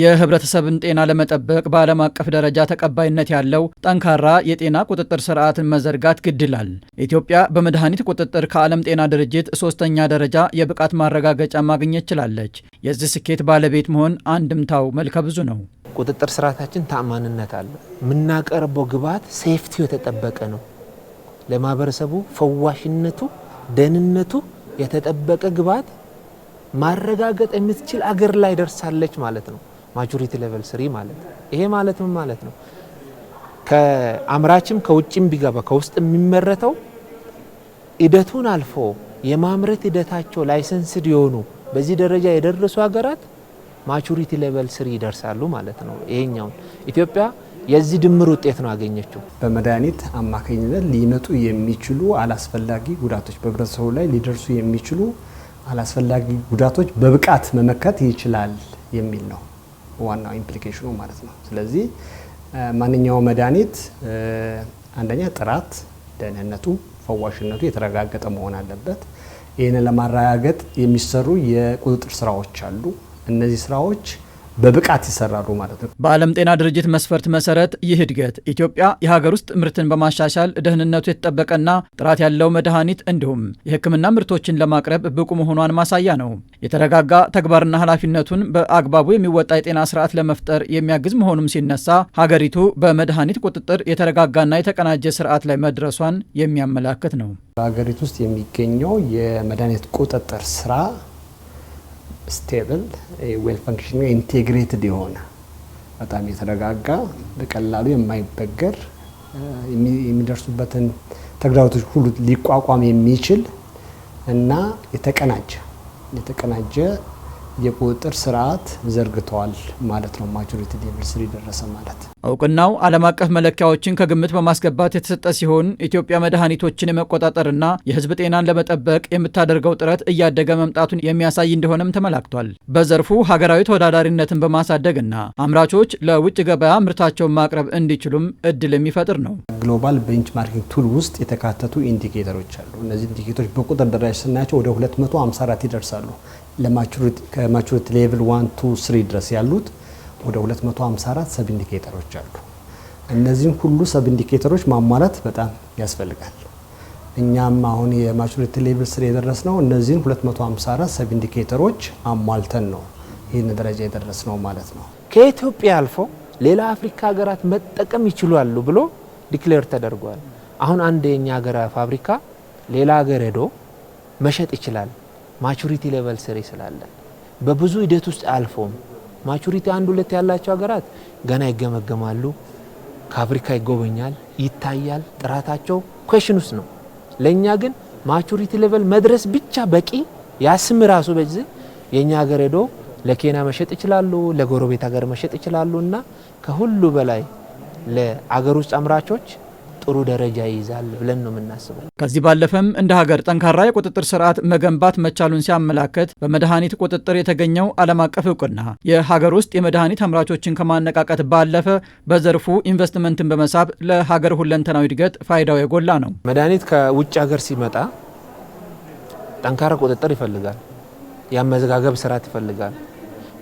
የህብረተሰብን ጤና ለመጠበቅ በዓለም አቀፍ ደረጃ ተቀባይነት ያለው ጠንካራ የጤና ቁጥጥር ስርዓትን መዘርጋት ግድ ኢትዮጵያ በመድኃኒት ቁጥጥር ከዓለም ጤና ድርጅት ሶስተኛ ደረጃ የብቃት ማረጋገጫ ማግኘት ችላለች። የዚህ ስኬት ባለቤት መሆን አንድምታው መልከ ብዙ ነው። ቁጥጥር ስርዓታችን ተአማንነት አለ። የምናቀርበው ግብዓት ሴፍቲው የተጠበቀ ነው። ለማህበረሰቡ ፈዋሽነቱ፣ ደህንነቱ የተጠበቀ ግብዓት ማረጋገጥ የምትችል አገር ላይ ደርሳለች ማለት ነው። ማቹሪቲ ሌቨል ስሪ ማለት ነው። ይሄ ማለት ምን ማለት ነው? ከአምራችም ከውጭም ቢገባ ከውስጥ የሚመረተው ሂደቱን አልፎ የማምረት ሂደታቸው ላይሰንስድ የሆኑ በዚህ ደረጃ የደረሱ ሀገራት ማቹሪቲ ሌቨል ስሪ ይደርሳሉ ማለት ነው። ይሄኛውን ኢትዮጵያ የዚህ ድምር ውጤት ነው ያገኘችው። በመድኃኒት አማካኝነት ሊመጡ የሚችሉ አላስፈላጊ ጉዳቶች በህብረተሰቡ ላይ ሊደርሱ የሚችሉ አላስፈላጊ ጉዳቶች በብቃት መመከት ይችላል የሚል ነው። ዋናው ኢምፕሊኬሽኑ ማለት ነው። ስለዚህ ማንኛውም መድኃኒት አንደኛ ጥራት፣ ደህንነቱ፣ ፈዋሽነቱ የተረጋገጠ መሆን አለበት። ይህንን ለማረጋገጥ የሚሰሩ የቁጥጥር ስራዎች አሉ። እነዚህ ስራዎች በብቃት ይሰራሉ ማለት ነው። በዓለም ጤና ድርጅት መስፈርት መሰረት ይህ እድገት ኢትዮጵያ የሀገር ውስጥ ምርትን በማሻሻል ደህንነቱ የተጠበቀና ጥራት ያለው መድኃኒት እንዲሁም የሕክምና ምርቶችን ለማቅረብ ብቁ መሆኗን ማሳያ ነው። የተረጋጋ ተግባርና ኃላፊነቱን በአግባቡ የሚወጣ የጤና ስርዓት ለመፍጠር የሚያግዝ መሆኑም ሲነሳ ሀገሪቱ በመድኃኒት ቁጥጥር የተረጋጋና የተቀናጀ ስርዓት ላይ መድረሷን የሚያመላክት ነው። በሀገሪቱ ውስጥ የሚገኘው የመድኃኒት ቁጥጥር ስራ ስቴብል ዌል ፈንክሽን ኢንቴግሬትድ የሆነ በጣም የተረጋጋ በቀላሉ የማይበገር uh, የሚደርሱበትን ተግዳሮቶች ሁሉ ሊቋቋም የሚችል እና የተቀናጀ የተቀናጀ የቁጥጥር ስርዓት ዘርግተዋል ማለት ነው። ማጆሪቲ ሌቭል ስሪ ደረሰ ማለት እውቅናው ዓለም አቀፍ መለኪያዎችን ከግምት በማስገባት የተሰጠ ሲሆን ኢትዮጵያ መድኃኒቶችን የመቆጣጠርና የሕዝብ ጤናን ለመጠበቅ የምታደርገው ጥረት እያደገ መምጣቱን የሚያሳይ እንደሆነም ተመላክቷል። በዘርፉ ሀገራዊ ተወዳዳሪነትን በማሳደግና አምራቾች ለውጭ ገበያ ምርታቸውን ማቅረብ እንዲችሉም እድል የሚፈጥር ነው። ግሎባል ቤንችማርኪንግ ቱል ውስጥ የተካተቱ ኢንዲኬተሮች አሉ። እነዚህ ኢንዲኬተሮች በቁጥር ደረጃ ስናያቸው ወደ 254 ይደርሳሉ። ከማቹሪቲ ሌቭል ዋን ቱ ስሪ ድረስ ያሉት ወደ 254 ሰብ ኢንዲኬተሮች አሉ። እነዚህን ሁሉ ሰብ ኢንዲኬተሮች ማሟላት በጣም ያስፈልጋል። እኛም አሁን የማቹሪቲ ሌቭል ስሪ የደረስ ነው። እነዚህን 254 ሰብ ኢንዲኬተሮች አሟልተን ነው ይህን ደረጃ የደረስ ነው ማለት ነው። ከኢትዮጵያ አልፎ ሌላ አፍሪካ ሀገራት መጠቀም ይችላሉ ብሎ ዲክሌር ተደርጓል። አሁን አንድ የኛ ሀገር ፋብሪካ ሌላ ሀገር ሄዶ መሸጥ ይችላል። ማቹሪቲ ሌቨል ስሬ ስላለን በብዙ ሂደት ውስጥ አልፎም ማቹሪቲ አንድ ሁለት ያላቸው ሀገራት ገና ይገመገማሉ፣ ከአፍሪካ ይጎበኛል፣ ይታያል። ጥራታቸው ኮሽን ውስጥ ነው። ለእኛ ግን ማቹሪቲ ሌቨል መድረስ ብቻ በቂ ያስም ራሱ በዚህ የእኛ ሀገር ሄዶ ለኬንያ መሸጥ ይችላሉ፣ ለጎረቤት ሀገር መሸጥ ይችላሉ እና ከሁሉ በላይ ለአገር ውስጥ አምራቾች ጥሩ ደረጃ ይይዛል ብለን ነው የምናስበው። ከዚህ ባለፈም እንደ ሀገር ጠንካራ የቁጥጥር ስርዓት መገንባት መቻሉን ሲያመላከት በመድኃኒት ቁጥጥር የተገኘው ዓለም አቀፍ እውቅና የሀገር ውስጥ የመድኃኒት አምራቾችን ከማነቃቀት ባለፈ በዘርፉ ኢንቨስትመንትን በመሳብ ለሀገር ሁለንተናዊ እድገት ፋይዳው የጎላ ነው። መድኃኒት ከውጭ ሀገር ሲመጣ ጠንካራ ቁጥጥር ይፈልጋል። የአመዘጋገብ ስርዓት ይፈልጋል።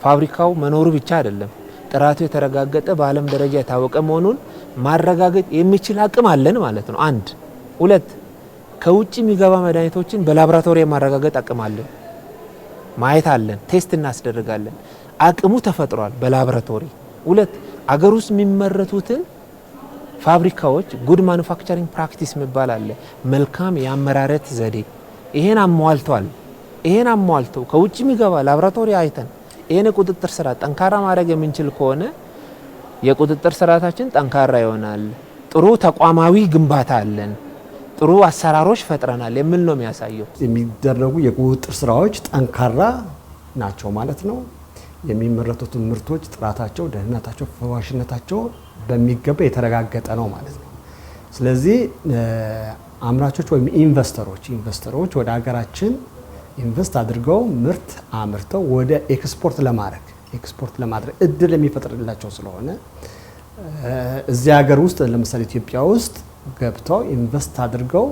ፋብሪካው መኖሩ ብቻ አይደለም፣ ጥራቱ የተረጋገጠ በዓለም ደረጃ የታወቀ መሆኑን ማረጋገጥ የሚችል አቅም አለን ማለት ነው። አንድ ሁለት ከውጭ የሚገባ መድኃኒቶችን በላብራቶሪ የማረጋገጥ አቅም አለን፣ ማየት አለን፣ ቴስት እናስደርጋለን። አቅሙ ተፈጥሯል በላብራቶሪ። ሁለት አገር ውስጥ የሚመረቱትን ፋብሪካዎች ጉድ ማኑፋክቸሪንግ ፕራክቲስ የሚባል አለ፣ መልካም የአመራረት ዘዴ። ይሄን አሟልተዋል። ይሄን አሟልተው ከውጭ የሚገባ ላብራቶሪ አይተን ይሄን ቁጥጥር ስራ ጠንካራ ማድረግ የምንችል ከሆነ የቁጥጥር ስርዓታችን ጠንካራ ይሆናል። ጥሩ ተቋማዊ ግንባታ አለን፣ ጥሩ አሰራሮች ፈጥረናል የሚል ነው የሚያሳየው። የሚደረጉ የቁጥጥር ስራዎች ጠንካራ ናቸው ማለት ነው። የሚመረቱት ምርቶች ጥራታቸው፣ ደህንነታቸው፣ ፈዋሽነታቸው በሚገባ የተረጋገጠ ነው ማለት ነው። ስለዚህ አምራቾች ወይም ኢንቨስተሮች ኢንቨስተሮች ወደ ሀገራችን ኢንቨስት አድርገው ምርት አምርተው ወደ ኤክስፖርት ለማድረግ ኤክስፖርት ለማድረግ እድል የሚፈጥርላቸው ስለሆነ እዚህ ሀገር ውስጥ ለምሳሌ ኢትዮጵያ ውስጥ ገብተው ኢንቨስት አድርገው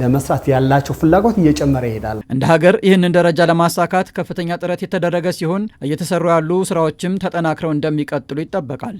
ለመስራት ያላቸው ፍላጎት እየጨመረ ይሄዳል። እንደ ሀገር ይህንን ደረጃ ለማሳካት ከፍተኛ ጥረት የተደረገ ሲሆን እየተሰሩ ያሉ ስራዎችም ተጠናክረው እንደሚቀጥሉ ይጠበቃል።